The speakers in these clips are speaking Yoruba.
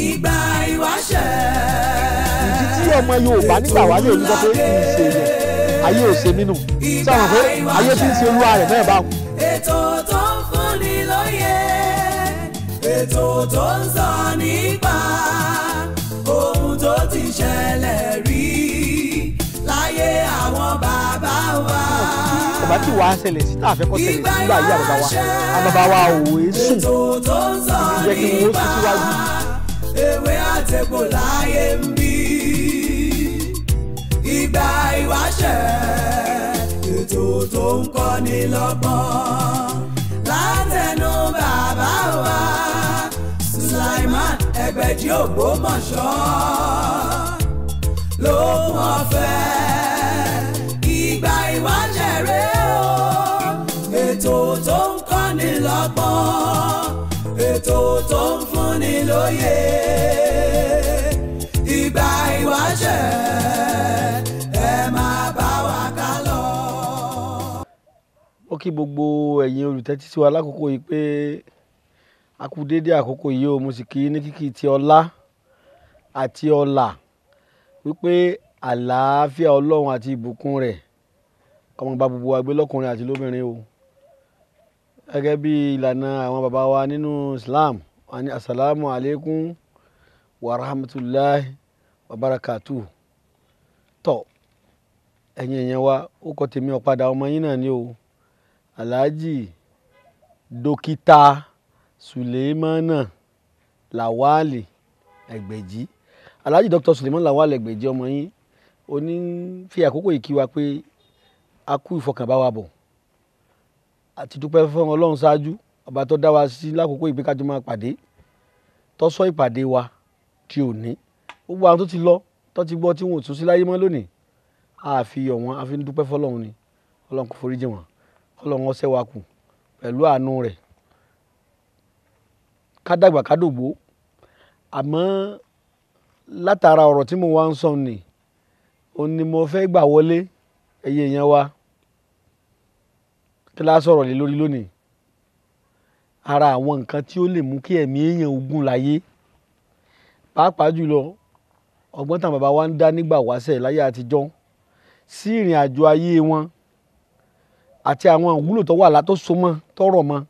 ìgbà ìwáṣẹ̀. ìdí tí ọmọ Yorùbá nígbà wálé òní sọ pé kì í ṣe yẹn ayé ò ṣe mí nù sọ̀rọ̀ pé ayé tí ń ṣe olúwa rẹ̀ náà bá wù. ètò tó ń fúnni lóye ètò tó ń sọ nípa ohun tó ti ṣẹlẹ̀ rí láyé àwọn bàbá wa bàbá tí wàá ṣẹlẹ̀ sí tààfẹ́ kọ́ ṣẹlẹ̀ sí nígbà yí àbàbà wa àbàbà wa òwe sùn ìjẹ́ kí wọ́n sùn síwájú àtẹ̀kù láyé ń bí ìgbà ìwáṣẹ̀ ètò tó ń kọ́ni lọ́gbọ́n látẹnu bàbá wa Sulaiman Ẹgbẹ̀jí Ògbómọ̀ṣọ́ ló mọ̀ fẹ́ ìgbà ìwáṣẹ̀ rẹ̀ o ètò tó ń kọ́ni lọ́gbọ́n ètò tó ń fúnni lóye ìgbà ìwáṣẹ̀ ẹ máa bá wa ká lọ. ó kí gbogbo ẹ̀yin olùtẹ́tí sí wa lákòókò yìí pé a kú dédé àkókò yìí o mo sì kí ní kíkí ti ọlá àti ọlà wípé àlàáfíà ọlọ́run àti ìbùkún rẹ̀ ọmọ bá gbogbo agbé lọ́kùnrin àti lóbìnrin o gẹ́gẹ́ bí ìlànà àwọn bàbá wa nínú Islam wọn ni asalaamu alaykum wa rahmatulahi wabarakatu tọ ẹ̀yin èèyàn wa ó kọ tèmi ọ̀padà ọmọ yín náà ni o alhaji dókítà suleimana lawali ẹgbẹ̀jì alhaji dr suleimana lawali ẹgbẹ̀jì ọmọ yín oní fi àkókò yìí kí wa pé a kú ìfọkànbá wa bọ̀ àti dúpẹ́ fún ọlọ́run ṣáájú ọba tó dá wa sí lákòókò ìgbékájọ máa pàdé tó sọ ìpàdé wa tí ò ní gbogbo àwọn tó ti lọ tó ti gbọ́ tí wọn ò tún sí láyé mọ́ lónìí àfi yọ̀ wọ́n àfi ń dúpẹ́ fọlọ́run ni ọlọ́run kò foríjì wọ́n ọlọ́run ọsẹ wa kù pẹ̀lú àánú rẹ̀ ká dàgbà ká dògbó àmọ́ látara ọ̀rọ̀ tí mo wá ń sọ ni òun ni mo fẹ́ gbà wọlé ẹ̀yẹ yẹn wa kí la sọ̀rọ̀ lé lórí lónìí ara àwọn nǹkan tí ó lè mú kí ẹ̀mí èèyàn ogun láyé pàápàá jùlọ ọgbọ́n táwọn bàbá wa ń dá nígbà wáṣẹ̀ láyé àtijọ́ sí ìrìn àjò ayé wọn àti àwọn ìwúlò tó wà látó so mọ́ tọrọ mọ́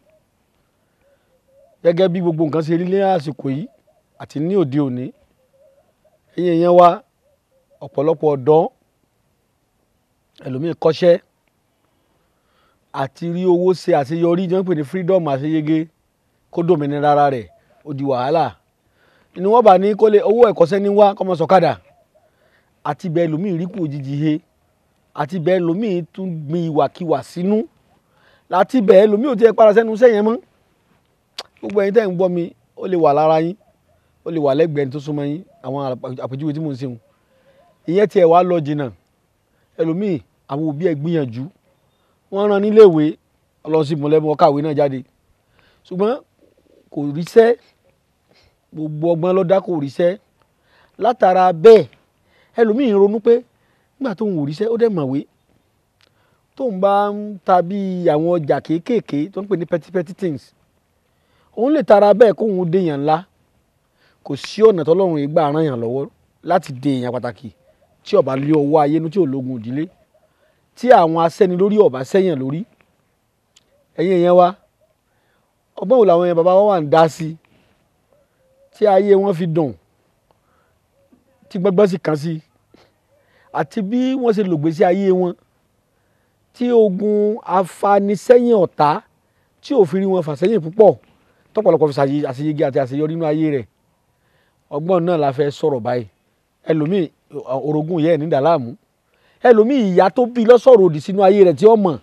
gẹ́gẹ́ bí gbogbo nǹkan ṣe rí ní àsìkò yìí àti ní òde òní ẹ̀yìn yẹn wá ọ̀pọ̀lọpọ̀ ọ̀dọ́ ẹlòmíì kọ́ṣẹ́ àti rí owó ṣe àṣeyọrí jẹ́ ń pè ní freedom àṣeyege kó dòmìnira ara rẹ̀ ó di wàhálà ni wọ́n bá ní kó lè owó ẹ̀kọ́ṣẹ́ ní wá kọ́mọ sọ̀kadà àti bẹ́ẹ̀ lómi ìríkù òjijì he àti bẹ́ẹ̀ lómi tún gbin ìwàkiwà sínú láti bẹ́ẹ̀ lómi ò tiẹ̀ para sẹ́nu sẹ́yìn mọ́ gbogbo ẹ̀yin tẹ́ ń gbọ́ mi ó lè wà lára yín ó lè wà lẹ́gbẹ̀ẹ́ tó súnmọ́ yín àwọn àpèjúwe tí mò ń ṣe wọn ìyẹn tiẹ̀ wá lọ jìnnà ẹlòmíì àwọn òbí ẹ̀ gbìyànjú wọ́n rán níléèwé ọlọ́sìn mọ̀lẹ́bí wọn kàwé náà jáde ṣùgbọ́n kò ríṣẹ́ gbogbo ọgbọ́n ló dá kò ríṣẹ́ látara bẹ́ẹ̀ ẹlòmíín ronú pé nígbà tó ń wò ríṣẹ́ ó dẹ̀ mọ̀wé tó ń bá ń ta bí àwọn ọjà kéékèèké tó ń pè ní petty petty things òun lè tara bẹ́ẹ̀ kóun déèyàn ńlá kò sí ọ̀nà tọ́lọ́run yìí gbà ràn yàn lọ́wọ́ láti déèyàn pàtàkì tí ọba lé ọwọ́ ayé inú tí ò lógun ìdílé tí àwọn asẹ́ni lórí ọba sẹ́yìn lórí ẹ̀yin èèyàn wa ọgbọ́n wo làwọn yẹn bàbá wa wà ń dá sí i tí ayé wọn fi dùn tí gbọ́ngbọ́n sì kàn sí àti bí wọ́n ṣe lògbèsè ayé wọn tí ogun afanisẹ́yìn ọ̀tá tí ò fi rí wọn fà sẹ́yìn púpọ̀ tọ́pọ̀lọpọ̀ fi ṣàyè àṣeyege àti àṣeyọrí nínú ayé rẹ̀ ọgbọ́n náà la fẹ́ sọ̀rọ̀ báyìí ẹlòmíì orogún yẹn ní dàlámù ẹlòmíì ìyá tó bí lọ́sọ̀rọ̀ òdì sínú ayé rẹ̀ tí ó mọ̀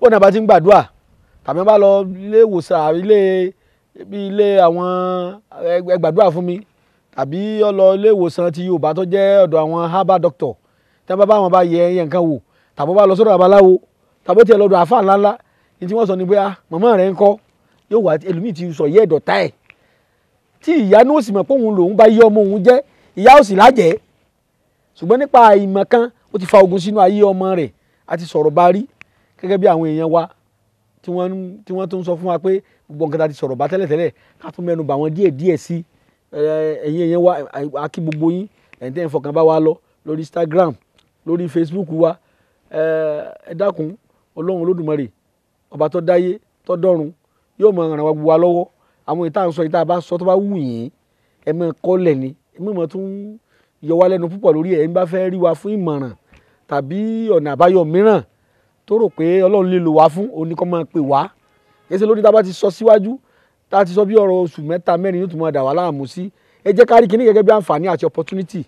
bọ́n náà bá ti ń gbàdúrà tàbí wọ́n bá lọ ilé ìwòsàn ilé ìwòsàn bí ilé àwọn ẹ gbàdúrà fún mi àbí ó lọ ilé ìwòsàn ti Yorùbá tó jẹ́ ọ̀dọ̀ àwọn herbal doctor tí wọ́n bá bá wọn bá yẹ ẹyẹ nǹkan wò tàbí wọ́n bá lọ sọ́dọ̀ babaláwo tàbí ó tiẹ̀ lọ́dọ̀ àáfàá ńláńlá ní tí wọ́n sọ ni pé ah, màmá rẹ̀ ń kọ́ yóò wá ẹlòmíì ti sọ yẹ́ ẹ̀dọ̀ tá ẹ̀ tí ìyá ní òsì mọ̀ pé òun lòun bá yí ọmọ òun jẹ́ ìyá òsì lájẹ́ ṣùgbọ́n nípa ìmọ̀ kan ó ti fa ogun sínú ayé ọmọ rẹ̀ àti sọ̀rọ̀ bá rí gẹ́gẹ́ bí àwọn èèyàn wa tí wọ́n tún sọ fún wa pé gbogbo nǹkan tá a ti sọ̀rọ̀ bá tẹ́lẹ̀tẹ́lẹ̀ ká tún mẹ́nu bà wọ́n díẹ̀ díẹ̀ sí ẹ̀yin ẹ̀yẹn wa akí gbogbo yín ẹ̀yin tẹ́ fọkàn bá wa lọ lórí Instagram lórí Facebook wa ẹ dákun Ọlọ́run Olódùmarè ọba tó dáyé tó dọ́run yóò mọ ràn wá gbogbo wa lọ́wọ́ àwọn ìta ń sọ ìta bá sọ tó bá wù yín ẹ mọ kọ́lẹ̀ ni ẹ mọ tún yọ wá lẹ́nu púpọ̀ lórí ẹ̀ ń bá fẹ́ rí wa fún ìmọ̀ràn tàbí ọ̀nà àbáyọ mìíràn tó rò pé ọlọ́run lè lò wá fún òní kọ́ máa pè wá èsì lórí tá a bá ti sọ síwájú tá a ti sọ bí ọ̀rọ̀ oṣù mẹ́ta mẹ́rin yóò tún máa dà wá láàmú sí ẹ jẹ́ ká rí kíní gẹ́gẹ́ bí àǹfààní àti opportunity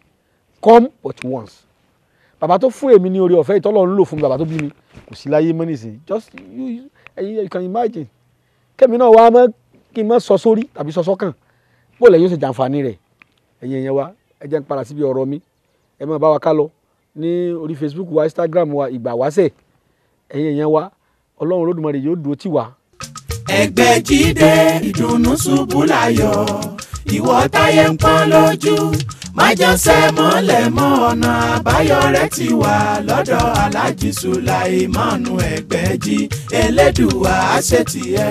come but once bàbá tó fún èmi ní oore ọ̀fẹ́ ìtọ́lọ́run lò fún mi bàbá tó bí mi kò sí láyé mọ́ nísìnyí just you, you, you can imagine kẹ́mi náà wá mọ́ kí n mọ́ sọ sórí tàbí sọ sọ́kàn bó lẹ́yìn ó jàǹfààní rẹ̀ ẹ̀yin ẹ̀yẹn wa ẹ jẹ́ n padà síbi ọ̀rọ̀ mi ẹ máa bá wa ká lọ ní orí Facebook wa Instagram wa ìgbà wáṣẹ̀ ẹ̀yin èèyàn wa ọlọ́run olódùmarè yóò dúró tì wá. ẹgbẹ́ jíde ìdùnnú ṣubú láyọ̀ ìwọ táyé ń pọ́n lójú májẹsẹ mọ́lẹ̀ mọ́ ọ̀nà àbáyọ rẹ̀ ti wà lọ́dọ̀ aláàjì sùláìmánu ẹgbẹ́jì elédùà àṣetì ẹ.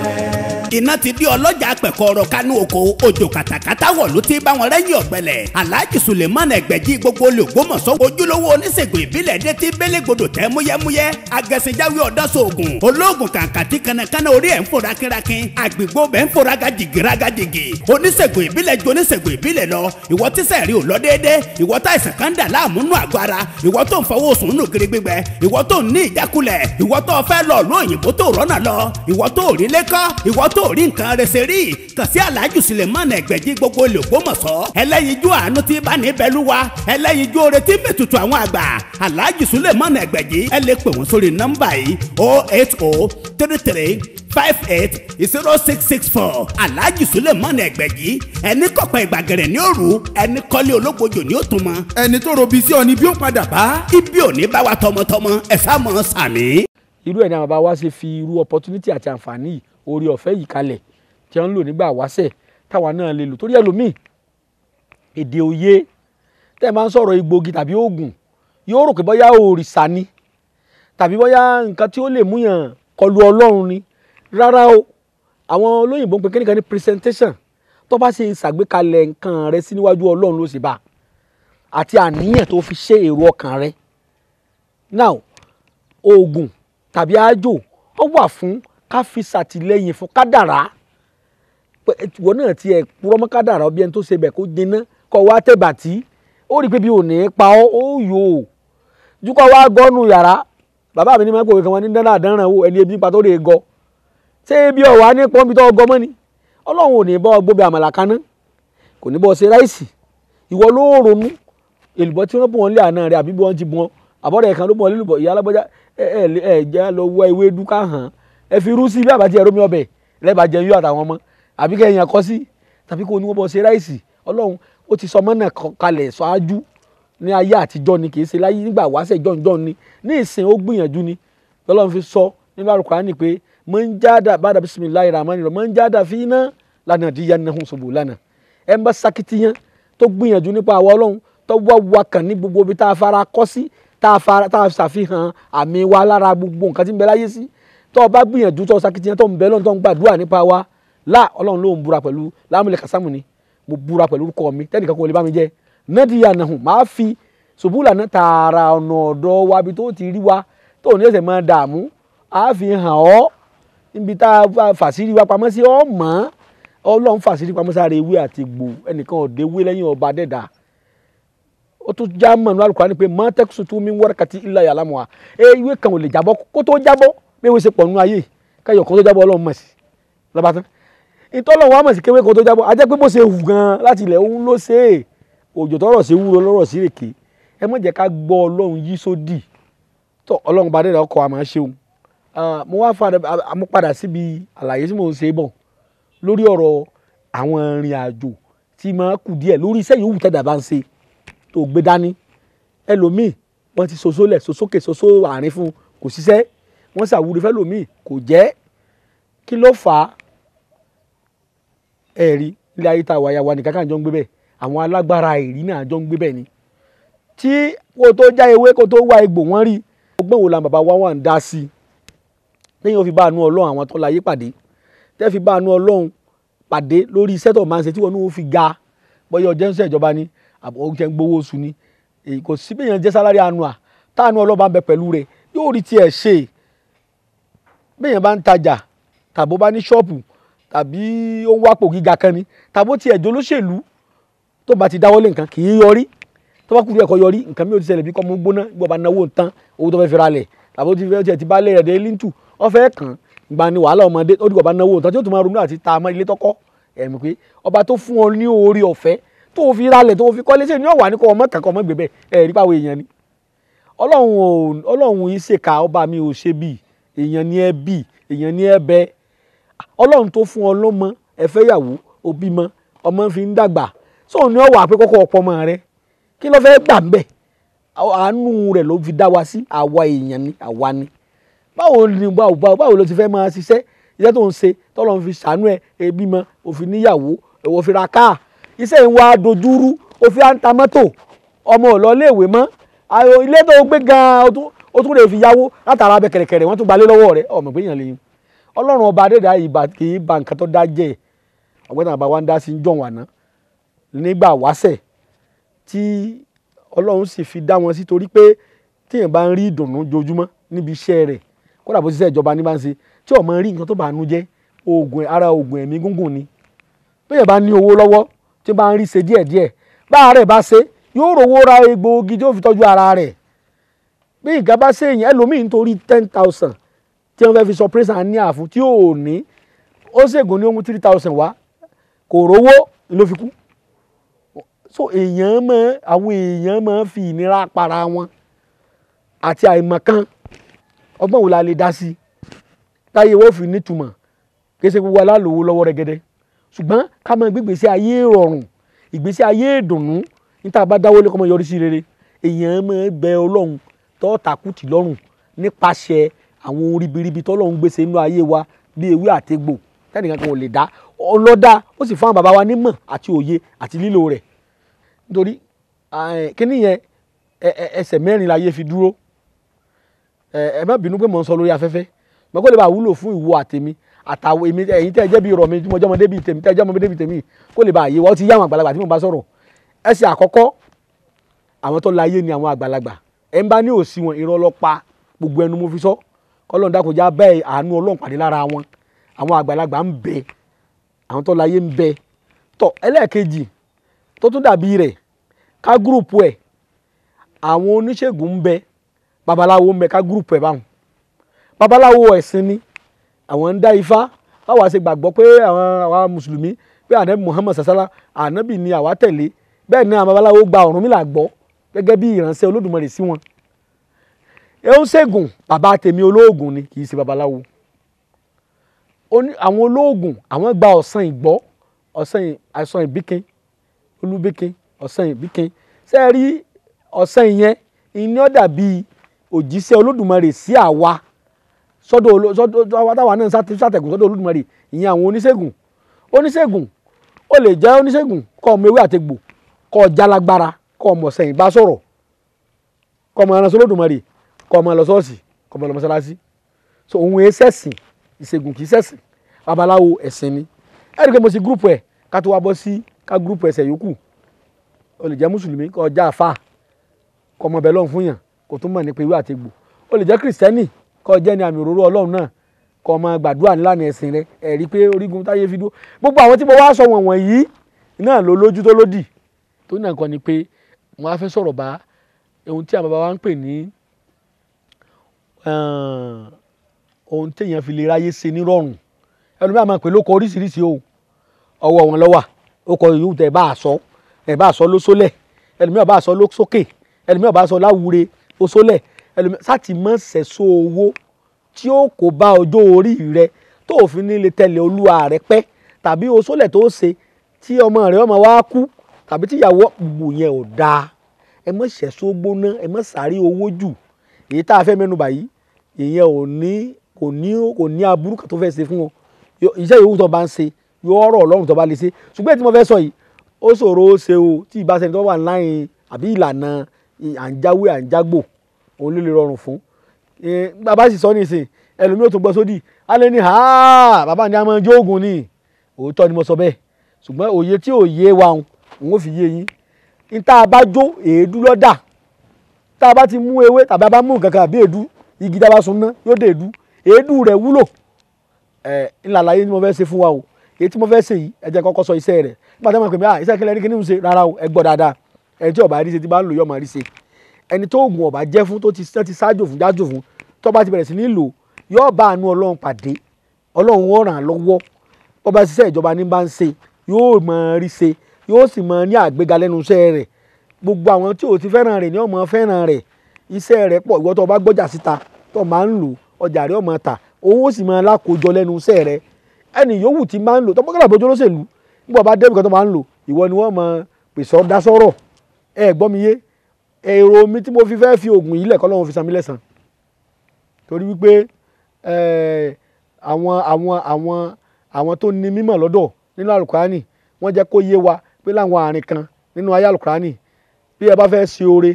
iná ti di ọlọ́jà pẹ̀kọ́rọ̀ kánú oko òjò kàtàkàtà wọ̀ ló ti bá wọn rẹ́yìn ọ̀gbẹ́lẹ̀ aláàjì sùláìmánu ẹgbẹ́jì gbogbo olùgbòmọ̀sọ́ ojúlówó oníṣègùn ìbílẹ̀ dé ti bẹ́lẹ́gbọdọ̀ tẹ́ múyẹ́múyẹ́ agẹsẹ̀jáwé ọ̀dọ́sọ̀ọ̀gùn olóògùn kàǹkàtì kanakana orí ẹ̀ ń fora kírakín àgbègbè ọbẹ̀ ń fora gajìgìragajìgì oníṣègùn ìbílẹ̀ ju oníṣègùn ìbílẹ̀ lọ ìwọ tíṣẹ̀ rí ò lọ lọ déédéé ìwọ táìsàn kan dà láàmú nù àgọ́ ara ìwọ tó ń fọwọ́ sùn nù kiri gbígbẹ ìwọ tó ń ní ìjákulẹ̀ ìwọ tó fẹ́ lọ ló òyìnbó tó rọ́nà lọ ìwọ tó rí lẹ́kọ́ ìwọ tó rí nǹkan rẹsẹ̀ rí kàn sí aláàjù Suleiman Ẹgbẹ̀jì gbogbo olè Ògbómọ̀ṣọ́ ẹlẹ́yinjú àánú tí bá ní bẹ́lúwa ẹlẹ́yinjú oore tí mẹ́tutù àwọn àgbà aláàjù Suleiman Ẹgbẹ̀jì ẹ lè pè wọ́n sórí nọ́mbà yìí 08033 five eight zero six six four alhaji suleiman ẹgbẹ̀jì ẹni kọ̀pẹ́ ìgbàgẹ̀rẹ̀ ní òru ẹni kọ́lé ológbojò ní òtúmọ̀. ẹni tó robi sí ọ ni bí ó padà bá. ibi ò ní bá wa tọmọtọmọ ẹ sá sàmì. irú ẹ̀ ni àwọn bàbá wa ṣe fi irú opportunity àti àǹfààní orí ọ̀fẹ́ yìí kalẹ̀ tí wọ́n ń lò nígbà wáṣẹ̀ táwa náà lè lò torí ẹlòmíì èdè òye tẹ́ ẹ máa ń sọ̀rọ̀ igbógi tàbí oògùn yóò rò pé bóyá òrìṣà ni tàbí bóyá nǹkan tí ó lè múyàn kọlu ọlọ́run ni rárá o àwọn olóyìnbó ń pe kíníkan ní presentation tó bá ṣe ṣàgbékalẹ̀ nǹkan rẹ sí níwájú ọlọ́run ló sì bá àti àníyàn tó fi ṣe èrò ọkàn rẹ now oògùn tàbí àjò ó wà fún ká fi ṣàtìlẹ́yìn fún kádàrá ìwọ náà ti ẹ̀ purọ́ mọ́ kádàrá ọbí ẹni tó ṣe bẹ̀ kó jiná kọ́ wa tẹ̀bàtì ó rí i pé bí ò ní pa ọ́ ó yò ó jukọ̀ wa gọ́nu yàrá bàbá mi ní mọ́ pé òwe wọn ní dáná àdánràn wo ẹni ebi pa tó lè gọ́ ṣé ibi ọ̀wá ní pọ́nbi tó ọgọ́ ni ọlọ́run ò ní bọ́ gbóbi àmàlà kaná kò ní bọ́ ṣe ráìsì ìwọ ló ronú èlùbọ́ tí wọ́n bù wọ́n lé àná rẹ̀ àbí bí wọ́n ti bù wọ́n àbọ̀dẹ̀ kan ló bù wọ́n lélùbọ̀ ìyá alágbọ́já ẹ ẹ ẹ jẹ́ lọ wọ ewé dúkà hàn ẹ fi irú sí bí àbájẹ rómi ọbẹ̀ lẹ́bàjẹ yóò àtàwọn ọmọ àbí kẹ́yìn ẹ̀kọ́ sí tàbí kò ní wọ́n bọ́ ṣe ráìsì ọlọ́run ó ti sọ mọ́nà kalẹ̀ ṣáájú ní ayé àtijọ́ ni kì í ṣe láyé nígbà wáṣẹ̀ jọ̀njọ̀n ni ní ìsìn ó gbìyànjú ni lọ́lọ́run fi sọ nínú àlùkò àánì pé man jada bada bisimilayi rahman rahim man jada fina lana diyannahum subulana ẹ ń bá sakitiyan tó gbìyànjú nípa àwa tó wá wa ní gbogbo ibi tá a fara kọ́ sí tá a fara tá a ṣàfihàn àmì wa lára gbogbo nǹkan tí ń La láyé sí tó o bá gbìyànjú tó o sakitiyan tó ń bẹ lọ́nà tó ń gbàdúrà nípa wa lá ọlọ́run ló ń búra pẹ̀lú lámúlẹ̀ kàsámù ni mo búra pẹ̀lú orúkọ mi tẹ́nìkan kò bá mi jẹ́ nadiyannahum máa fi subulana tààrà ọ̀nà ọ̀dọ́ wa ibi tó ti rí wa tó ní ẹsẹ̀ máa dààmú àá fi hàn ọ́ níbi tá a fàṣírí wa pamọ́ sí ọmọ ọlọ́run fàṣírí pamọ́ sára ewé àti egbò ẹnìkan ọ̀dẹ ewé lẹ́yìn ọba dẹ́dà ó tún já mọ̀nú alukura ni pé mọ́tẹ́kùsù tún mi wọ́rọ̀ kàti ilà yàrá mu wa ewé kan ò lè jábọ́ kó tó jábọ́ bí ewé ṣe pọ̀ nínú ayé káyọ̀ kó tó jábọ́ ọlọ́run mọ̀ sí lọ́bàtán ìtọ́lọ̀ wa mọ̀ sí kéwé kó tó jábọ́ ajẹ́ pé bó ṣe hù gan láti ilẹ̀ òun ló ṣe é òjò tọrọ sí wúro lọ́rọ̀ sí rèké ẹ má jẹ́ ká gbọ́ ọlọ́run yí sódì tó ọlọ́run bá dẹ́rẹ́ ọkọ̀ àmọ́ ṣeun Ah, mo wá fara mo padà síbi àlàyé tí mò ń ṣe bọ̀ lórí ọ̀rọ̀ àwọn ìrìn àjò tí máa kù díẹ̀ lórí iṣẹ́ yòówù tẹ̀dá bá ń ṣe tó gbé dání ẹlòmíì wọ́n ti soso lẹ̀ sosókè soso àárín fún kò ṣiṣẹ́ wọ́n ṣàwúrí fẹ́lòmíì kò jẹ́ kí ló fà á ẹ̀rí ilé ayé tá a nìkan kan jọ ń gbé bẹ́ẹ̀ àwọn alágbára ẹ̀rí náà jọ ń gbé bẹ́ẹ̀ ni tí kò tó já ewé kò tó wá egbò wọ́n rí ọgbọ́n wo bàbá wa wà ń dá sí i téèyàn fi bá àánú ọlọ́run àwọn tó láyé pàdé tẹ́ fi bá àánú ọlọ́run pàdé lórí iṣẹ́ tó máa ń ṣe tí wọn ní wọn fi ga bóyá ọjọ́ ìjọba ni ọjọ́ gbowó oṣù ni kò sí bí èèyàn jẹ́ sálárì àánú à táànú ọlọ́ba ń bẹ pẹ̀lú rẹ̀ yóò rí tiẹ̀ ṣe bí èèyàn bá ń tajà tàbó bá ní ṣọ́ọ̀pù tàbí ó ń wápò gíga kan ni tàbó tiẹ̀ jó lóṣèlú tó bá ti dáwọ́lé nǹkan kì í yọrí tó bá kúrò ẹ̀kọ́ yọrí nǹkan mi ò ti ṣẹlẹ̀ bí kọ́ mú gbóná gbọ́ bá náwó nǹkan owó tó fẹ́ fi ra lẹ̀ tàbó ti fẹ́ tiẹ̀ ti bá lẹ̀ rẹ̀ ọfẹ́ kàn ìgbà ni wàhálà ọmọdé ó dìgbà bá náwó nǹkan tí ó tún máa ronú àti ta ọmọ ilé tọ́kọ́ ẹ̀mí pé ọba tó fún ọ ní orí ọ̀fẹ́ tó fi ralẹ̀ tó fi kọ́lé sí ni ọ̀wà ní kọ́ ọmọ kankan ọmọ gbẹ̀bẹ̀ ẹ̀rí pàwọ̀ èèyàn ni ọlọ́run ọlọ́run yìí ṣèkà ọba mi ò ṣe bíi èèyàn ni ẹ bíi èèyàn ni ẹ bẹ ọlọ́run tó fún ọ lọ́mọ ẹ yàwó o bímọ ọmọ fi ń dàgbà sóun ni ọ̀wà pé kọ́kọ́ ọ̀pọ̀ ọmọ rẹ kí ló fẹ́ gbà ń bẹ̀ àánú rẹ̀ ló fi dá wa sí àwa èèyàn ni àwa ni báwo ni báwo ló ti fẹ́ máa ṣiṣẹ́ iṣẹ́ tó ń ṣe tọ́lọ́ fi ṣàánú ẹ̀ ẹbí mọ òfin níyàwó ẹ̀wọ̀ fi ra káà iṣẹ́ ń wá dojúrú ó fi ń ta mọ́tò ọmọ ò lọ iléèwé mọ́ ilé tó gbé gan-an ó tún lè fi yáwó látara abẹ kẹ̀rẹ̀kẹ̀rẹ̀ wọ́n tún gbalé lọ́wọ́ rẹ̀ ọmọ ìgbéyàn lẹ́yìn ọlọ́run ọba adéda ìbà kì í ba nǹkan tó dá jẹ́ ọ̀gbẹ́ni àbá wa ń dá sí ń jọ̀wọ̀n àná nígbà wáṣẹ̀ tí ọlọ́run sì fi dá wọn sí torí pé tíyẹn bá ń rí ìdùnnú jojúmọ́ níbi iṣẹ́ rẹ̀ kódà bó ṣiṣẹ́ ìjọba ní bá ń ṣe tí ọmọ rí nǹkan tó bá nu jẹ́ oògùn ara oògùn ẹ̀mí gúngùn ni bẹ́ẹ̀ bá ní owó lọ́wọ́ tí bá ń rí ṣe díẹ̀díẹ̀ bá rẹ̀ bá ṣe yóò rówó ra egbòogi tí ó fi tọ́jú ara rẹ̀ bí nǹkan bá ṣe èèyàn ẹlòmíì nítorí ten thousand tí wọ́n fẹ́ fi sọ pressure ní àfún tí ò ní ó ṣègùn ní ohun three thousand wá kò rówó ló fi kú so èèyàn máa àwọn èèyàn máa fi ìnira para wọn àti àìmọ̀kan ọgbọ́n wo la lè dá sí táyé wọ́n fi nítumọ̀ kése gbogbo alálòwò lọ́wọ́ rẹ́gẹ́dẹ́ ṣùgbọ́n ká máa gbé ìgbésí ayé rọrùn ìgbésí ayé ìdùnnú níta bá dáwọ́ lé kọ́ mọ́ yọrí sí rere èèyàn máa bẹ ọlọ́run tó tàkùtì lọ́rùn nípasẹ̀ àwọn oríbiribi tọ́lọ́run gbèsè nínú ayé wa bí ewé àtegbò tẹ́nìkan kan ò lè dá ọlọ́dà ó sì fún àwọn bàbá wa nímọ̀ àti òye àti lílo rẹ̀ nítorí kíní yẹn ẹsẹ̀ mẹ́rin láyé fi dúró ẹ má bínú pé mò ń sọ lórí afẹ́fẹ́ mọ kó lè bá wúlò fún ìwọ àtèmi àtàwọn èmi ẹ̀yin tẹ́ ẹ jẹ́ bí irọ́ mi tí mo jẹ́ ọmọdé bíi tèmi tẹ́ ẹ jẹ́ ọmọdé bíi tèmi kó lè bá àyè wọ́n ti yá àwọn àgbàlagbà tí mo bá sọ̀rọ̀ ẹ ṣe àkọ́kọ́ àwọn tó láyé ni àwọn àgbàlagbà ẹ ń bá ní òsì wọn irọ́ lọ́pa gbogbo ẹnu mo fi sọ kọ́lọ́n dákòjá bẹ́ẹ̀ àánú ọlọ́run pàdé lára wọn àwọn àgbàlagbà ń bẹ àwọn tó àwọn oníṣègùn ń bẹ babaláwo ń bẹ ká gúrùpù ẹ̀ báwọn babaláwo ẹ̀sìn ni àwọn ń dá ifá báwa ṣe gbàgbọ́ pé àwọn àwa mùsùlùmí pé ànábì Muhammad sasala ànábì ni àwa tẹ̀lé bẹ́ẹ̀ ni àwọn babaláwo gba Ọ̀rúnmìlà gbọ́ gẹ́gẹ́ bí ìránṣẹ́ Olódùmarè sí wọn ẹ̀hún bàbá tèmi olóògùn ni kì í ṣe babaláwo àwọn olóògùn àwọn gba ọ̀sán ìgbọ́ ọ̀sán àìsàn ìbíkin olúbíkin ọ̀sán ìbíkin ṣe é ọ̀sán ìyẹn ìní ọ̀dà bíi òjíṣẹ́ olódùmarè sí àwa sọ́dọ̀ sọ́dọ̀ táwa náà sátẹ̀gùn sọ́dọ̀ olódùmarè ìyẹn àwọn oníṣègùn oníṣègùn ó lè jẹ́ oníṣègùn kọ́ ọmọ ewé àtegbò kọ́ ọjà lágbára kọ́ ọmọ sẹ́yìn bá sọ̀rọ̀ kọ́ ọmọ aránsọ olódùmarè kọ́ ọmọ lọ́sọ́ọ̀sì kọ́ ọmọ lọ́mọsálásí so òun ẹ sẹ́sìn ìṣègùn kì í sẹ́sìn babaláwo ẹ̀sìn ni ẹ̀rí pé mo ti gúrùpù ẹ̀ ká tó wá bọ́ sí ká gúrùpù ẹ̀sẹ̀ yòókù ó lè jẹ́ mùsùlùmí kọ́ ọjà àfà kọ́ ọmọ bẹ́ẹ̀ fún yàn kò tún mọ̀ nípa ewé àti egbò o lè jẹ́ kìrìsìtẹ́nì kó o jẹ́ ní àmì òróró ọlọ́run náà kó o máa gbàdúrà nílànà ẹ̀sìn rẹ ẹ̀rí pé orígun táyé fi dúró gbogbo àwọn tí mo wá sọ wọ̀n wọ̀nyí náà ló lójú tó lódì tó náà kàn ní pé wọ́n á fẹ́ sọ̀rọ̀ bá ohun tí àwọn wa ń pè ní eh, ohun téèyàn fi lè ráyé ṣe nírọ̀rùn ẹlòmíràn máa pè lóko oríṣiríṣi o ọwọ́ wọn ló ó kọ ìyóò tẹ̀ bá a sọ ẹ̀ bá a sọ ló sólẹ̀ ẹlòmíràn bá a sọ ló sókè ẹlòmíràn bá a sọ láwùre oṣolẹ̀ ẹlòmíràn sáti mọ́ sẹ̀sọ owó tí ó kó bá ọjọ́ orí rẹ tó òfin nílé tẹ̀lé olúwa rẹ pẹ́ tàbí oṣolẹ̀ tó ṣe tí ọmọ rẹ ọmọ wa kú tàbí tíyàwó gbogbo yẹn ò dáa ẹ mọ́ sẹ̀sọ gbóná ẹ mọ́ sàárè owó jù èyí tá a fẹ́ mẹ́nubà yìí ìyẹn ò ní kò ní kò ní aburú kan tó fẹ́ ṣe fún ọ iṣẹ́ yòówù tó bá ń ṣe yóò ọ̀rọ̀ ọlọ́run tó bá lè ṣe ṣùgbọ́n èyí tí mo fẹ́ sọ yìí ó ṣòro ó ṣe o tí ìbáṣẹ́ni tó wà láyìn àbí ìlànà à ń jáwé à ń jágbò òun ló lè rọrùn fún bàbá sì sọ nìsín ẹlòmíràn tó gbọ́ sódì á lè ní bàbá ní àmọ́ ẹjọ́ ògùn ni òótọ́ ni mo sọ bẹ́ẹ̀ ṣùgbọ́n òye tí ò yé wa òun ò fi yé yín ní tá a bá jó èédú lọ́dà tá a bá ti mú ewé tàbí a bá mú nǹkan àbí èédú igi tá a bá sun ná yóò dé èédú èédú rẹ̀ wúlò ẹ̀ ńlá àlàyé ni mo fẹ́ ṣe fún wa o èyí tí mo fẹ́ ṣe yìí ẹ jẹ́ kọ́kọ́ sọ iṣẹ́ rẹ̀ nígbà tí wọ́n pè mí à iṣẹ́ kílẹ̀ ní kíní ń ṣe rárá o ẹ gbọ́ dáadáa ẹni tí ọba rí ṣe ti bá ń lò yọ máa rí ṣe ẹni tó oògùn ọba jẹ́ fún tó ti ṣáájò fún jájò fún tó bá ti bẹ̀rẹ̀ sí ní lò yóò bá àánú ọlọ́run pàdé ọlọ́run ó ràn án lọ́wọ́ bọ́ba ṣiṣẹ́ ìjọba ní bá ń ṣe yóò máa rí ṣe yóò sì máa ní àgbéga lẹ́nu iṣẹ́ rẹ̀ gbogbo àwọn tí ò ti fẹ́ràn rẹ̀ ni ó máa fẹ́ràn rẹ̀ iṣẹ́ rẹ̀ pọ̀ ìwọ tó bá gbọ́jà síta tó máa ń lò ọjà rẹ̀ ó máa tà owó sì máa lákòójọ lẹ́nu iṣẹ́ rẹ̀ ẹni yòówù ti máa ń lò tọ́pọ́kẹ́lá bójú lóṣèlú nígbà bá débìkan tó máa ń lò ìwọ ni wọ́n máa pèsè ọ̀dá sọ́rọ̀ ẹ gbọ́ mi yé èrò mi tí mo fi fẹ́ fi oògùn yìí lẹ̀kọ́ lọ́wọ́ fi san mí lẹ́sàn torí wípé àwọn àwọn àwọn àwọn tó ní mímọ̀ lọ́dọ̀ nínú alukurani wọ́n jẹ́ kó yé wa pé láwọn àárín kan nínú ayé alukurani bí ẹ bá fẹ́ ṣe oore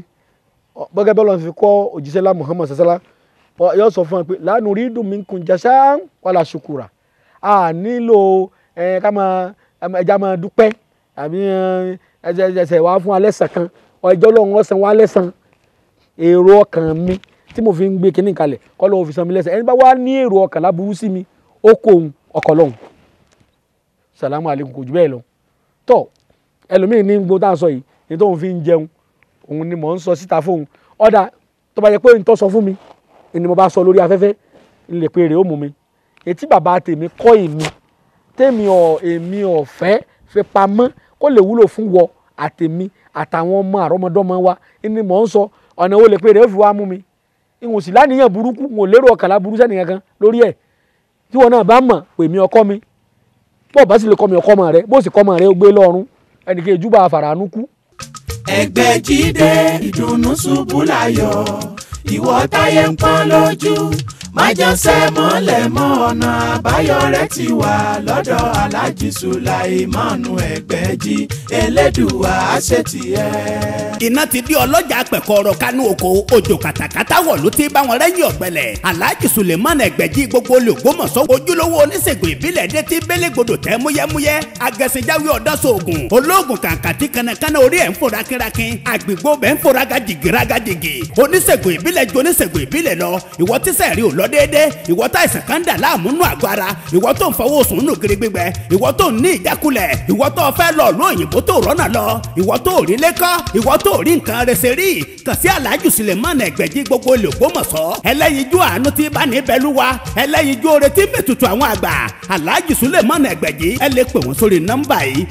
bọ́gẹ́ bọ́lá fi kọ́ òjíṣẹ́ lá sasala yóò sọ fún ẹ pé lánàá rí dùn mí kùn jàṣà wàlà ṣùkùrà a nílò ẹ ká máa ẹja máa dúpẹ́ àbí ẹsẹ̀ wàá fún alẹ́ sàn kan ọjọ́ lọ́hún ọ̀sán wàá lẹ́sàn èrò ọkàn mi tí mo fi ń gbé kinní kalẹ̀ kọ́ lọ́wọ́ fi san mi lẹ́sẹ̀ ẹni bá wá ní èrò ọkàn láburú sí mi ó kó òun ọkọ̀ lọ́hún salamu aleykum kò jù bẹ́ẹ̀ lọ tọ́ ẹlòmíín ní gbogbo tá à ń sọ yìí ní tóun fi ń jẹun òun ni mò ń sọ síta fóun ọ̀dà tó bá yẹ pé n tó sọ fún mi ni mo bá sọ lórí afẹ́fẹ́ n lè pe èrè ó mú mi etí bàbá tèmi kọ́ èmi tèmi ọ̀ èmi ọ̀fẹ́ fi pamọ́ kó lè wúlò fún wọ àtèmi àtàwọn ọmọ àrọ́mọdọ́mọ wa ni mò ń sọ ọ̀nà wo lè pe rẹ̀ ó fi wá mú mi ìwọ̀n sì láníyàn burúkú wọn ò lérò ọ̀kàlà burú sẹ́nìyàn kan lórí ẹ̀ tí wọn náà bá mọ̀ pè mí ọkọ mi bó bá sì lè kọ́ mi ọkọ mọ̀ rẹ bó sì kọ́ mọ̀ rẹ ó gbé lọ́rùn ẹnìkan ìjúbà àfàràánú kú. ẹgbẹ́ jíde ìdùnnú ṣubú láyọ̀ ìwọ táyé ń pọ́n lójú májẹsẹ̀ mọ́lẹ̀ mọ́ ọ̀nà àbáyọ rẹ̀ ti wà lọ́dọ̀ aláàjì sùláìmánu ẹgbẹ́jì elédùwà àṣetìẹ́. iná ti di ọlọ́jà pẹ̀kọ́rọ̀ kánú oko òjò kàtàkàtà wọ̀ ló ti bá wọn rẹ́yìn ọ̀gbẹ́lẹ̀ aláàjì sùláìmánu ẹgbẹ́jì gbogbo olùgbòmọ̀sọ́ ojúlówó oníṣègùn ìbílẹ̀ dé ti bélégbodò tẹ́ múyẹ́múyẹ́ agẹ̀sìnjáwé ọ̀dọ́sọ̀ọ̀gùn olóògùn kàǹkàtì kanakana orí ẹ̀ ń fò rákínrákín àgbègbè bẹ́ẹ̀ ń fò rágàjìgì rágàjìgì oníṣègùn ìbílẹ̀ ju oníṣègùn ìbílẹ̀ lọ ìwọ tíṣẹ̀ rí ò l lọ déédéé ìwọ tá ìsàn kan dà láàmú nù àgọ́ ara ìwọ tó ń fọwọ́ sùn nù gírí gbígbẹ ìwọ tó ń ní ìjákulẹ̀ ìwọ tó fẹ́ lọ ló òyìnbó tó rọ́nà lọ ìwọ tó rí lẹ́kọ́ ìwọ tó rí nǹkan rẹsẹ̀ rí kàn sí aláàjù Sulemana Ẹgbẹ̀jì gbogbo l'Ògbómọ̀ṣọ́ ẹlẹ́yinjú àánú tí bá ní bẹ́lúwa ẹlẹ́yinjú oore tí mẹ́tutù àwọn àgbà aláàjù Sulemana Ẹgbẹ̀jì ẹ lè pè wọ́n sórí nọ́mbà yìí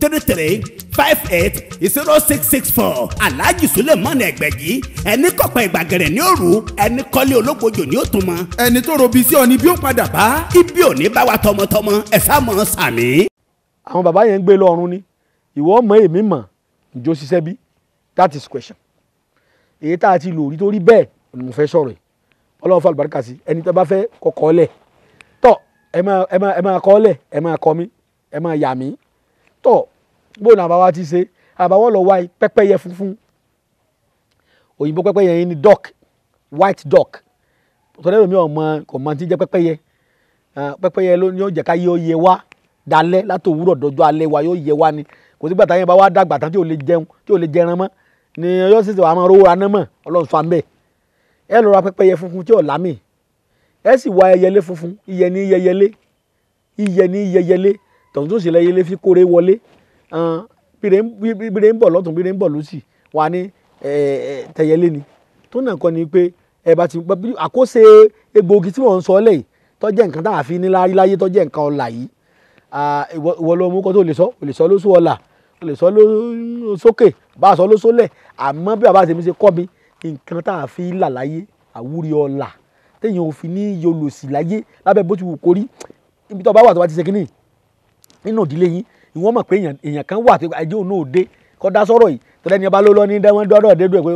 080 five eight zero six six four alhaji suleiman ẹgbẹ̀jì ẹni kọ̀pẹ́ ìgbàgẹ̀rẹ̀ ní òru ẹni kọ́lé olókojò ní òtún mọ́. ẹni tó robi sí ọ ni bí ó padà bá. ibi ò ní bá wa tọmọtọmọ ẹ sá mọ sàmì. àwọn bàbá yẹn ń gbé lọ́rùn ni ìwọ mọ èmi mọ ìjó ṣiṣẹ́ bí that is question èyí tá a ti lò rí torí bẹ́ẹ̀ ni mo fẹ́ sọ̀rọ̀ yìí ọlọ́run fún àlùbáríkà sí ẹni tó bá fẹ́ kọ́kọ́ lẹ̀ tọ́ ẹ máa ẹ máa ẹ máa kọ́ mi ẹ máa yà mí tọ́ bóun àbáwá ti ṣe àbáwọ́ lọ wá pẹ́pẹ́yẹ funfun òyìnbó pẹ́pẹ́yẹ yẹn ni duck white duck tọ́lẹ́rù mi ọ̀mọ kò mọ ti jẹ́ pẹ́pẹ́yẹ pẹ́pẹ́yẹ ló ní ọ̀jẹ̀ ká yẹ ọ yẹ wá dalẹ́ láti òwúrọ̀ dọjọ́ alẹ́ wa yóò yẹ wá ni kò sí gbàtà yẹn bá wá dàgbà tán tí ò lè jẹun tí ò lè jẹran mọ́ ni ọyọ́ sì ti wà á máa rówó aná mọ̀ ọlọ́run fa mbẹ́ ẹ lọ ra pẹ́pẹ́yẹ funfun tí ò lámì ẹ sì wá ẹyẹlé funfun iyẹ ní iyẹyẹlé iyẹ ní iyẹyẹlé tọ̀tún tó sì lẹ́yẹlé fi kórè wọlé bíire ń bọ̀ lọ́tún bíire ń bọ̀ lọ́sì wà ní tẹ̀yẹlé ni tó náà kọ́ ni pé ẹ bá ti àkóso egbòogi tí wọ́n ń sọ lẹ́yìn tó nǹkan tá a fi níláárí láyé tó jẹ́ nǹkan ọ̀la yìí ìwọ ló mú kó tó lè sọ ò lè sọ lóṣù ọ̀la ò lè sọ lóṣókè bá a sọ lóṣólẹ̀ àmọ́ bí bàbá àtẹ̀mí ṣe kọ́ mi nǹkan tá a fi là láyé àwúrí ọ̀la téèyàn ò fi ní yolòsì láyé lábẹ́ bó ti wù kórí ibi tó bá wà tó bá ti ṣe kínní nínú ìdílé yín ìwọ́n mọ̀ pé èèyàn kan wà tó ẹjọ́ òun náà dé kọ́ da sọ́rọ̀ yìí tó lẹ́ni ọba ló lọ ní dẹ́wọ́n dọ́dọ̀ dédú ẹ̀ pé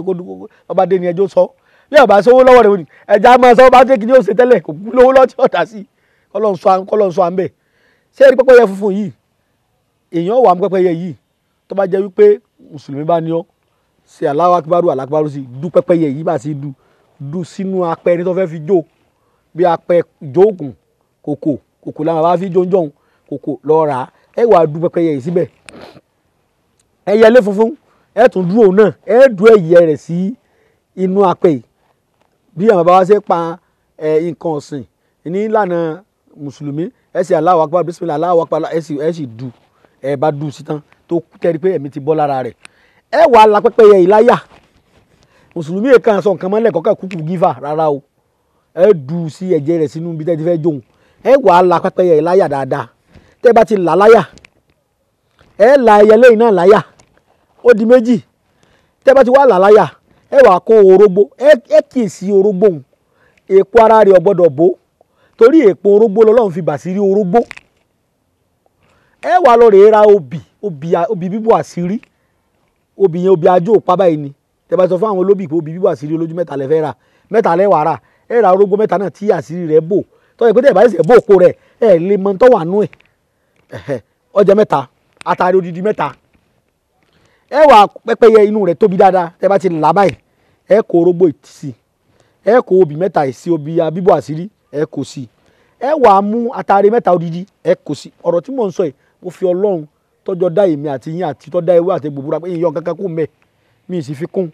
ọba dé ni ẹjọ́ sọ bí ọba sówó lọ́wọ́ rẹ̀ ẹja máa sọ ọba tẹ́kì ni ó ṣe tẹ́lẹ̀ kò lówó lọ́tí ọ̀tá sí kọ́lọ́n sọ à ń bẹ̀ ṣé ẹni pẹ́pẹ́yẹ funfun yìí èèyàn wà mú pẹ́pẹ́yẹ yìí tó bá jẹ́ wípé mùsùlùmí bá ní ọ́ ṣe Allahu akbaru Allahu akbaru sí dú pẹ́pẹ́yẹ yìí bá sì dú dú sínú apẹ ẹni tó fẹ́ fi jó bí apẹ fi jóńjọ́hún kòkò lọ́ọ́ rà á ẹ wàá du pẹpẹyẹ yìí síbẹ̀ ẹyẹ ilé funfun ẹ tún dúró náà ẹ du ẹyẹ rẹ̀ sí inú apẹ̀ yìí bí àwọn bàbá wa ṣe pa ẹ nǹkan ọ̀sìn ní ìlànà mùsùlùmí ẹ sì Allahu Akbar bismillah Allahu Akbar ẹ sì ẹ sì du ẹ bá du sí tán tó kẹ́rí pé ẹ̀mí ti bọ́ lára rẹ̀ ẹ wàá la pẹpẹyẹ yìí láyà mùsùlùmí yìí kan sọ nǹkan mọ́lẹ̀ kọ́kọ́ kúkú gífà rárá o ẹ du sí ẹ̀jẹ̀ rẹ̀ sínú ibi tẹ́ ti fẹ́ jóun ẹ wàá la pẹpẹyẹ yìí láyà dáadáa tẹ́ bá ti là láyà ẹ là ẹyẹlé yìí náà láyà ó di méjì tẹ́ bá ti wá là láyà ẹ wàá kó orógbó ẹ kíyèsí orógbó òun èpo ara rẹ̀ ò gbọ́dọ̀ bò torí èpo orógbó lọ́lọ́run fi bàṣírí orógbó ẹ wàá lọ rèé ra obì obì bíbò àṣírí obì yẹn obì ajó òpá báyìí ni tẹ́ bá sọ fún àwọn olóbì pé obì bíbò àṣírí olójú mẹ́ta lẹ fẹ́ rà mẹ́ta lẹ ẹ ra orógbó mẹ́ta náà tí àṣírí rẹ̀ bò tọ́jà pé tẹ́ bá ṣẹ̀ bò òpó rẹ̀ ẹ lè mọ tọ́wà nú ẹ̀ ọjẹ mẹ́ta atare odidi mẹ́ta ẹ wà pẹ́pẹ́yẹ inú rẹ̀ tóbi dáadáa tẹ́ bá ti là báyìí ẹ kó orógbó sí ẹ kó obì mẹ́ta sí obì abíbọ̀ àṣírí ẹ kó sí ẹ wà á mú atare mẹ́ta odidi ẹ kó sí ọ̀rọ̀ tí mò ń sọ yìí mo fi Ọlọ́run tọ́jọ́ dá èmi àti yín àti tọ́jọ́ dá ewé àti gbòbúra pé ìyọ̀ kankan kù mẹ́ mi ì sì fi kún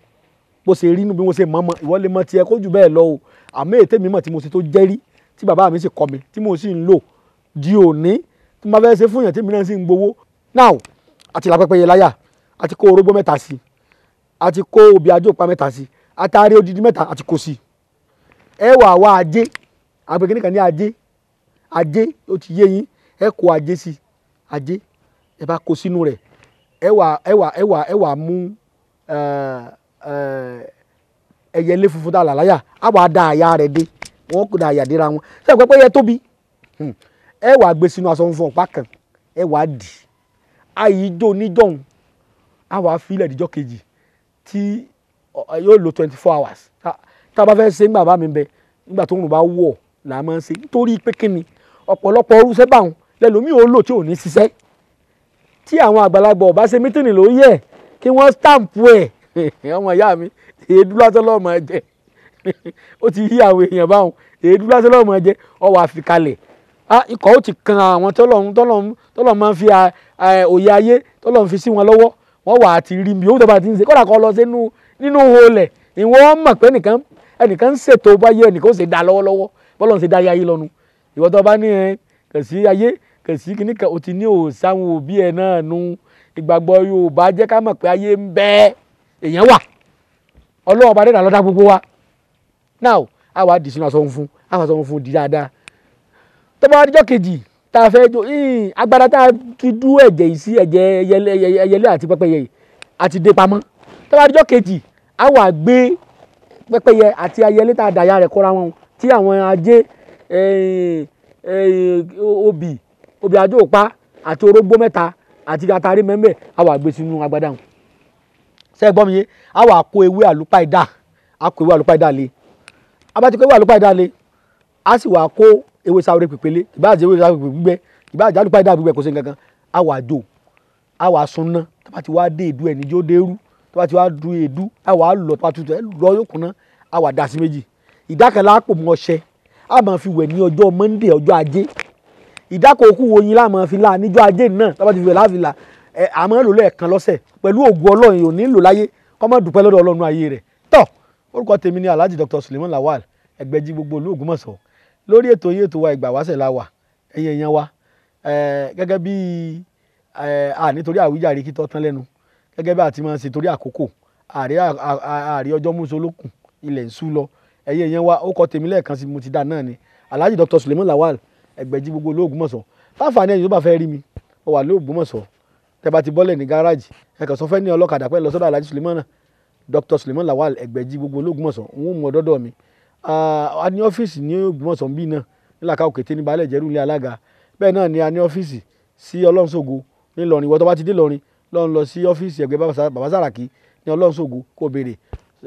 bó ṣe rí inú bí mo ṣe mọ̀ mọ́ ìwọ lè mọ tiẹ̀ kó jù bẹ́ẹ̀ lọ o àmọ́ ètè mi mọ̀ tí mo ṣe tó jẹ́rí tí bàbá mi sì kọ́ mi tí mo sì ń lò di òní mo máa fẹ́ ṣe fún yàn tí mi náà sì ń gbowó now àti la pẹ́pẹ́yẹ láyà àti kó orógbó mẹ́ta sí àti kó obì ajópa mẹ́ta sí àtàrí odidi mẹ́ta àti kò sí ẹ wà wá ajé àgbẹ̀kẹ́ nìkan ní ajé ajé ó ti yé yín ẹ kó ajé sí ajé ẹ bá kó sínú rẹ̀ ẹ wà ẹ wà ẹ wà ẹ wà mú ẹyẹlé funfun dà láyà á wà dá àyà rẹ̀ dé wọn kò dá àyà dé ra wọn ṣé àgbẹ̀pẹ́yẹ tóbi. Hmm ẹ wàá gbé sínú aṣọ funfun ọ̀pá kan ẹ wàá dì àyíjó níjọ́hun á wàá filẹ̀ níjọ́ kejì tí yóò lo twenty four hours tá a bá fẹ́ ṣe nígbà bá mi bẹ nígbà tó ń bá wọ̀ là á máa ń ṣe nítorí pé kí ni ọ̀pọ̀lọpọ̀ orúṣẹ́ báwọn lẹ́lòmíì ó lò tí ò ní ṣiṣẹ́ tí àwọn àgbàlagbà ọ̀bá ṣe mítìnì lórí ẹ̀ kí wọ́n stamp ẹ̀ ọmọ ìyá mi èédú lásán lọ́mọ ẹ̀jẹ̀ ó ti yí àwọn èèyàn báwọn èédú lásán lọ́mọ ẹ̀jẹ̀ ọwọ́ àfikalẹ̀ Ah, ikọ̀ ó ti kan àwọn tọ́lọ́run tọ́lọ́run tọ́lọ́run máa ń fi ah, ah, òye ayé tọ́lọ́run fi sí wọn lọ́wọ́ wọ́n wà á ti rí mi owó tó bá ti ń ṣe kódà kọ́ lọ sínú nínú olè ìwọ mọ̀ pé ẹnìkan ẹnìkan ń ṣètò báyé ẹnìkan ó ṣe dá lọ́wọ́lọ́wọ́ bọ́lọ́run ṣe dá ayé ayé lọ́nu ìwọ tó bá ní ẹ kàn sí ayé kàn sí kíní kan ó ti ní òòsáwọn òbí ẹ náà nu ìgbàgbọ́ Yorùbá jẹ́ ká mọ̀ pé ayé ń bẹ èèyàn wà ọlọ́wọ́ bá dé dà lọ́dá gbogbo wa náà àwa dì sínú aṣọ funfun àwa aṣọ funfun di dáadáa tó bá dijọ́ kejì tá a fẹ́ jó agbada tá a ti dú ẹ̀jẹ̀ yìí sí ẹ̀jẹ̀ ẹyẹlé àti pẹ́pẹ́yẹ yìí a ti dé pamọ́ tó bá dijọ́ kejì a wà gbé pẹ́pẹ́yẹ àti ẹyẹlé tá a dàyà rẹ̀ kóra wọn tí àwọn ajé eh, eh, obì obì àjò òpa àti orógbó mẹ́ta àti atari mẹ́mẹ́ a wà gbé sínú agbada wọn ṣe gbọ́ mi yé a wà kó ewé àlùpà ìdá a kó ewé àlùpà ìdá le a ewé àlùpà ìdá le a sì wà kó ewé sáré pèpélé ìbá àti ewé sáré pèpélé gbígbẹ ìbá àti alùpàdé àgbègbè kò sí nǹkankan a wà jò a wà sunná tó bá ti wá dé èdú ẹni jó dé rú tó bá ti wá du èdú a wà lọ tó ẹ lọ yóò kùnà a wà méjì ìdákẹ́lá àpò mọ́ ọṣẹ a máa fi wẹ̀ ní ọjọ́ Monday ọjọ́ ajé ìdákòókù oyin la máa fi la níjọ́ ajé náà tó ti fi wẹ̀ láàfin la ẹ àmọ́ lò lẹ́ẹ̀kan lọ́sẹ̀ pẹ̀lú ògùn ọlọ́run yóò nílò láyé kọ́mọ́ dúpẹ́ lọ́dọ̀ ọlọ́run ayé rẹ̀ tọ́ orúkọ tèmi ni Alhaji Dr. Suleiman Lawal ẹgbẹ́jì gbogbo lórí ètò yìí ètò wa ìgbà wáṣẹ̀ la wà ẹ̀yin èèyàn wa gẹ́gẹ́ bí a nítorí àwíjàre kí tọ́ tán lẹ́nu gẹ́gẹ́ bí a ti máa ṣe torí àkókò ààrẹ ọjọ́ mùsùlùkùn ilẹ̀ ń sú lọ ẹ̀yin èèyàn wa ó kọ tèmi lẹ́ẹ̀kan sí mo ti dá náà ni Alhaji Dr. Suleiman Lawal ẹgbẹ̀jì gbogbo olóògùnmọ̀sọ̀ fáfàní ẹ̀yin tó bá fẹ́ rí mi ó wà lóògùnmọ̀sọ̀ tẹ́ bá ti bọ́lẹ̀ ní gáràjì ẹ̀kan sọ fẹ́ ní ọlọ́kadà pẹ́ lọ sọ́dọ̀ Alhaji Suleiman Dr. Suleiman Lawal ẹgbẹ̀jì gbogbo olóògùnmọ̀sọ̀ òun ò mú ọdọ́dọ̀ mi Ah, a ní ọ́fíìsì ní Ògbómọ̀ṣọ́ níbí náà nílàkà òkété ní balẹ̀ ìjẹ́rú ilé alága bẹ́ẹ̀ náà ni a ní ọ́fíìsì sí ọlọ́runṣògo ńìlọrin ìwọ tó bá ti dé lọrin lọ́n lọ sí ọ́fíìsì ẹgbẹ́ bàbá sàràkí ní ọlọ́runṣògo kò béèrè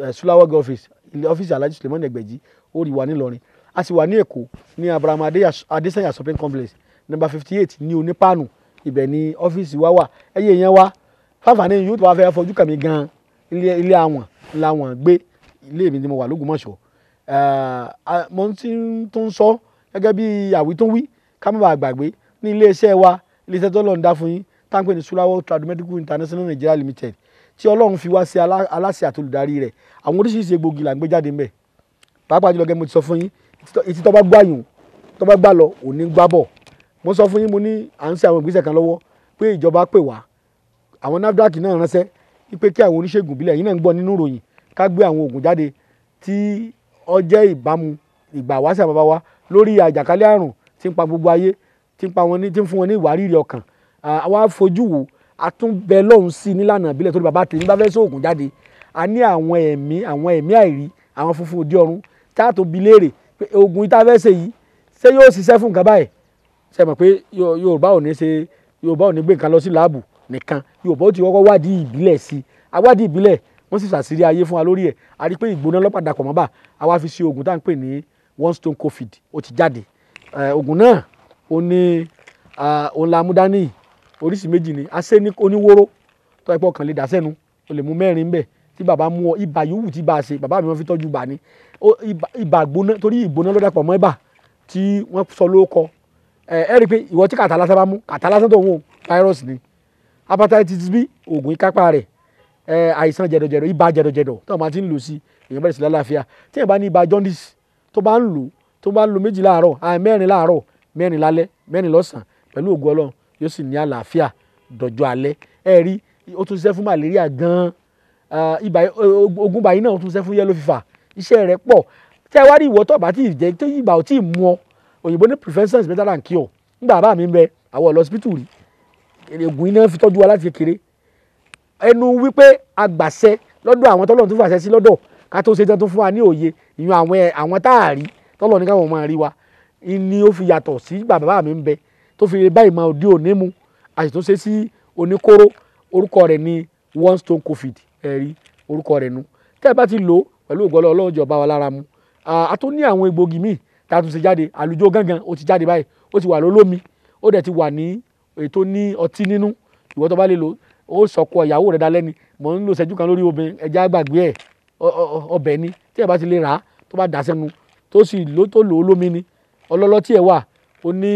eh, sulawọ́gì ọ́fíìsì ọ́fíìsì alhaji suleiman ẹgbẹ̀jì ó rí wa nílọrin a sì wà ní èkó ní abraham adesanya shopping complex number fifty eight ní onípàánù ibẹ̀ ni ọ́fíìsì wa wà ẹyẹ yẹn wá fáfàní yóò tó bá fẹ́ fojú kàmí gan ilé àwọn làwọn gbé ilé mi ni mo wà lógúnmọ̀ṣọ́ Eh, mo ti tó ń sọ gẹ́gẹ́ bí àwítúnwí ká má ní iléeṣẹ́ wa iléeṣẹ́ tó lọ́n fún yín tá ní Sulawo Trad Medical International Nigeria Limited tí Ọlọ́run fi wá sí aláṣẹ àtolùdarí rẹ̀ àwọn oríṣiríṣi egbògi là ń gbé jáde ńbẹ̀ pàápàá jùlọ gẹ́gẹ́ mo ti sọ fún yín etí tó bá gbà yùn tó bá gbà lọ òní gbà bọ̀ mo sọ fún yín mo ní à ń ṣe àwọn ìgbésẹ̀ kan lọ́wọ́ pé ìjọba pè wá àwọn NAFDAC náà ránṣẹ́ wípé kí àwọn oníṣègùn ìbílẹ̀ yìí náà ń gbọ́ nínú ìròyìn ká gbé àwọn oògùn jáde tí ó jẹ́ ìbámu ìgbà wáṣẹ̀ bàbá wa lórí àjàkálẹ̀ àrùn tí ń pa gbogbo ayé tí ń pa wọn ní tí ń fún wọn ní ìwárìrì ọkàn àwa fojú wò a tún bẹ lọ́hùn sí nílànà ìbílẹ̀ tó ní bàbá tèmi bá fẹ́ sóògùn jáde a ní àwọn ẹ̀mí àwọn ẹ̀mí àìrí àwọn funfun òdi ọ̀run tá a tó bi léèrè pé oògùn yìí tá a fẹ́ ṣe yìí ṣé yóò ṣiṣẹ́ fún nǹkan báyìí ṣe mọ̀ pé yorùbá ò ní ṣe yorùbá ò ní gbé nǹkan lọ sí láàbù nìkan yorùbá ó ti kọ́kọ́ wádìí ìbílẹ̀ sí i awádìí ìbílẹ̀ wọ́n sì ṣàṣírí ayé fún wa lórí ẹ̀ a rí i pé ìgbóná lọ́pàdà pọ̀ mọ́bà a wá fi ṣe oògùn tá à ń pè ní one stone covid ó ti jáde oògùn náà ó ní òun la múdání oríṣi méjì ni a ṣe ní oníwóró tó ẹ pọ̀ kàn lè dà sẹ́nu o lè mú mẹ́rin bẹ́ẹ̀ tí bàbá mú ọ ibà yòówù tí bá a ṣe bàbá mi wọ́n fi tọ́jú bà ní ibà gbóná torí ìgbóná ló dàpọ̀ mọ́ ibà tí wọ́n sọ lóko ẹ rí i pé ìwọ tí kàtà lásán bá mú kàtà lásán tó ń wò fáírọ́ọ̀sì ni hepatitis b oògùn ìkápá rẹ̀ àìsàn jẹ̀dọ̀jẹ̀dọ̀ ibà jẹ̀dọ̀jẹ̀dọ̀ tó máa ti ń lò sí èèyàn bẹ̀rẹ̀ sí lálàáfíà tí èèyàn bá ní ibà jaundice tó bá ń lò tó bá ń lo méjì láàárọ̀ mẹ́rin láàárọ̀ mẹ́rin lálẹ́ mẹ́rin lọ́sàn pẹ̀lú ògùn ọlọ́run yóò sì ní àlàáfíà dọ̀jọ́ alẹ́ ẹ rí ó tún ṣiṣẹ́ fún malaria gan-an ogun báyìí náà ó tún ṣiṣẹ́ fún yellow fever iṣẹ́ rẹ̀ pọ̀ tẹ́ ẹ wá rí ìwọ tó bá tí ì jẹ́ tó ìgbà ò tí ì mú ọ òyìnbó ní prevention is better than cure nígbà bá mi ń bẹ àwọn ọ̀lọ́sibítù rí oògùn iná fi tọ́jú wa láti kékeré ẹnu wípé agbàṣẹ lọ́dọ̀ àwọn tọ́lọ́run tó fàṣẹ sí lọ́dọ̀ ká tó ṣe tán tó fún wa ní òye ìyún àwọn àwọn tá a rí tọ́lọ́run ní káwọn máa rí wa ni ó fi yàtọ̀ sí bàbá mi ń bẹ tó fi báyìí máa di òní mu àṣetúnṣe sí oníkóró orúkọ rẹ̀ ní one stone covid ẹ̀rí orúkọ rẹ̀ nu tẹ́ ẹ bá ti lò ó pẹ̀lú ògbọ́lọ́ ọlọ́run jọba wa lára mu a tún ní àwọn egbògi míì tá a tún ṣe jáde àlùjọ gángan ó ti jáde báyìí ó ti wà lólómi ó dẹ̀ ti wà ní ètò ní ọtí nínú ìwọ́n bá lè lò ó ó sọkọ ìyàwó rẹ̀ dalẹ́ ni mò ń lo ṣẹ́jú kan lórí obìnrin ẹja gbàgbé ẹ̀ ọbẹ̀ ni tí ẹ̀ bá ti lè rà á tó bá dà sẹ́nu tó sì ló tó lò ó lómi ni ọlọ́lọ́ tí ẹ̀ wà ó ní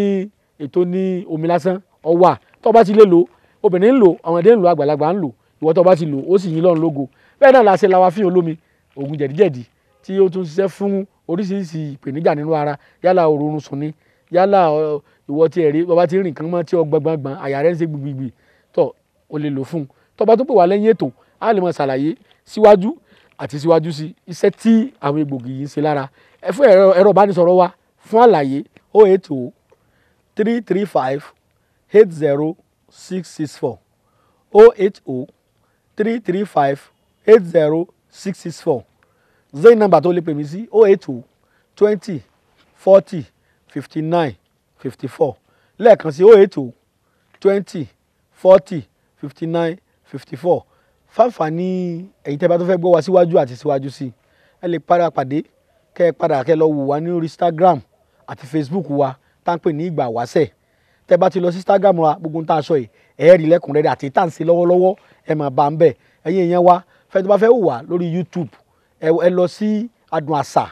ètò ní omi lásán ọ wà tó bá ti lè lò obìnrin ń lò ọmọdé ń lò àgbàlagbà ń lò ìwọ tó bá ti lò ó sì yín lọ́run lógo bẹ́ẹ̀ náà la ṣe lawa fíhàn olómi oògùn jẹ̀díjẹ̀dí tí ó tún ṣiṣẹ́ fún oríṣiríṣi ìpèníjà nínú ara yálà òórùn sùn ni yálà ìwọ tí ẹ bàbá tí rìn kán mọ́ tí ọ gbọngbọngbọn àyà rẹ̀ ń ṣe gbìgbìgbì tọ̀ o lè lò fún un tó bá tó pè wá lẹ́yìn ètò a lè máa ṣàlàyé síwájú àti síwájú sí iṣẹ́ tí àwọn egbògi yìí ń ṣe lára ẹ fún ẹ̀rọ ẹ̀rọ ìbánisọ̀rọ̀ wa fún àlàyé o oh eight o oh three three five eight zero six six four o oh eight o three three five eight zero six six four zain number tó lè pè mí sí o eight o twenty forty fifty nine fifty four lẹ́ẹ̀kan sí o eight o twenty forty fifty nine fifty four fáǹfààní ẹ̀yin tẹ́ bá tó fẹ́ gbọ́ wá síwájú àti síwájú sí i ẹ lè para pàdé kẹ́ ẹ padà kẹ́ ẹ lọ wò wá ní orí Instagram àti Facebook wa tá à ń pè ní ìgbà wáṣẹ̀ tẹ́ bá ti lọ sí Instagram wa gbogbo tá a sọ yìí ẹ rí lẹ́kùnrẹ́rẹ́ àti tá à ń ṣe lọ́wọ́lọ́wọ́ ẹ mà bá ń bẹ̀ ẹ̀yin èèyàn wa fẹ́ẹ́ tó bá fẹ́ wò wá lórí YouTube ẹ lọ sí Adùn Àṣà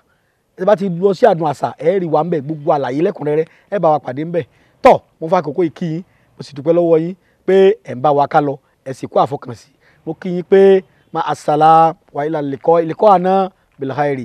ẹ bá ti lọ sí Adùn Àṣà ẹ rí wa ń bẹ̀ gbogbo àlàyé lẹ́kùnrẹ́rẹ́ ẹ bá wa pàdé ń bẹ̀ tọ́ mo fa kókó ìkíyín mo sì dúpẹ́ lọ́wọ́ yín pé ẹ̀ ń bá wa ká lọ ẹ̀ sì kú àfọkànsí mo kí yín pé ma asala wa ilà lẹ́kọ́ àná bilhairi.